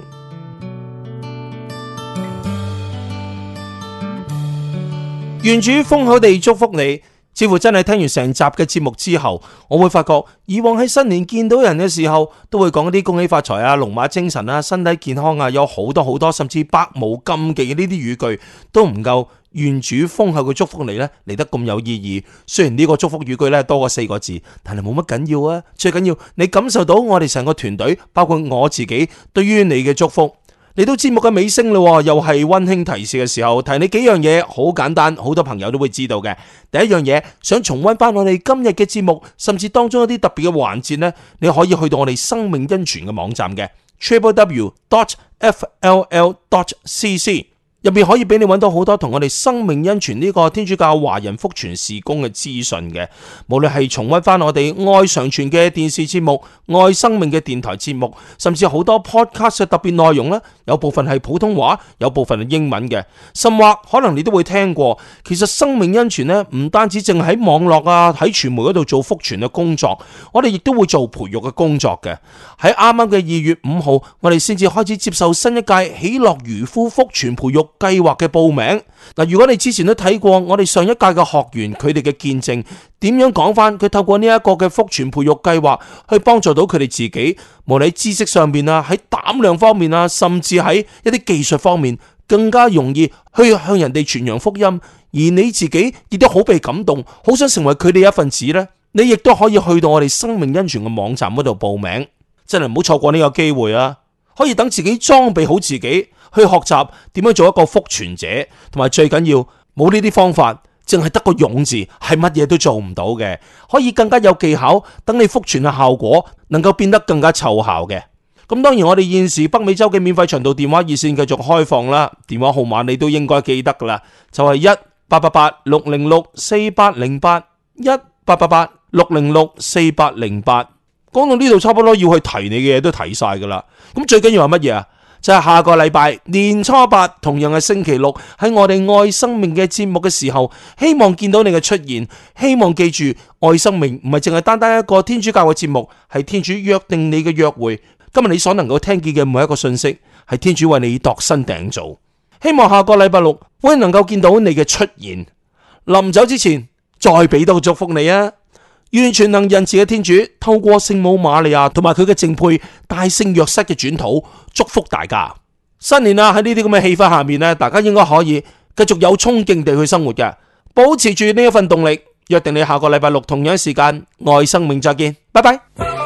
願主豐厚地祝福你，似乎真係聽完成集嘅節目之後，我會發覺以往喺新年見到人嘅時候，都會講一啲恭喜發財啊、龍馬精神啊、身體健康啊，有好多好多，甚至百無禁忌嘅呢啲語句都唔夠願主豐厚嘅祝福你呢，嚟得咁有意義。雖然呢個祝福語句呢多過四個字，但係冇乜緊要啊。最緊要你感受到我哋成個團隊，包括我自己，對於你嘅祝福。你都節目嘅尾聲啦，又係溫馨提示嘅時候，提你幾樣嘢，好簡單，好多朋友都會知道嘅。第一樣嘢，想重溫翻我哋今日嘅節目，甚至當中有一啲特別嘅環節咧，你可以去到我哋生命恩泉嘅網站嘅 triple w dot fll dot cc。入邊可以俾你揾到好多同我哋生命恩泉呢個天主教華人福傳事工嘅資訊嘅，無論係重温翻我哋愛常傳嘅電視節目、愛生命嘅電台節目，甚至好多 podcast 嘅特別內容呢，有部分係普通話，有部分係英文嘅。甚或可能你都會聽過，其實生命恩泉呢唔單止淨喺網絡啊、喺傳媒嗰度做福傳嘅工作，我哋亦都會做培育嘅工作嘅。喺啱啱嘅二月五號，我哋先至開始接受新一屆喜樂漁夫福傳培育。計劃嘅報名嗱，如果你之前都睇過我哋上一屆嘅學員，佢哋嘅見證點樣講返，佢透過呢一個嘅福傳培育計劃，去幫助到佢哋自己，無論喺知識上面啊，喺膽量方面啊，甚至喺一啲技術方面，更加容易去向人哋傳揚福音，而你自己亦都好被感動，好想成為佢哋一份子呢，你亦都可以去到我哋生命恩泉嘅網站嗰度報名，真係唔好錯過呢個機會啊！可以等自己裝備好自己。去學習點樣做一個福傳者，同埋最緊要冇呢啲方法，淨係得個勇字，係乜嘢都做唔到嘅。可以更加有技巧，等你福傳嘅效果能夠變得更加奏效嘅。咁當然，我哋現時北美洲嘅免費長途電話熱線繼續開放啦，電話號碼你都應該記得㗎喇，就係一八八八六零六四八零八一八八八六零六四八零八。講到呢度差不多要去提你嘅嘢都提晒㗎喇，咁最緊要係乜嘢啊？就係下個禮拜年初八，同樣係星期六，喺我哋愛生命嘅節目嘅時候，希望見到你嘅出現，希望記住愛生命唔係淨係單單一個天主教嘅節目，係天主約定你嘅約會。今日你所能夠聽見嘅每一個信息，係天主為你度身訂造。希望下個禮拜六我能夠見到你嘅出現。臨走之前，再俾多祝福你啊！願全能仁慈嘅天主透過聖母瑪利亞同埋佢嘅淨配大聖若瑟嘅轉禱，祝福大家新年啊！喺呢啲咁嘅氣氛下面咧，大家應該可以繼續有衝勁地去生活嘅，保持住呢一份動力。約定你下個禮拜六同樣時間愛生命再見，拜拜。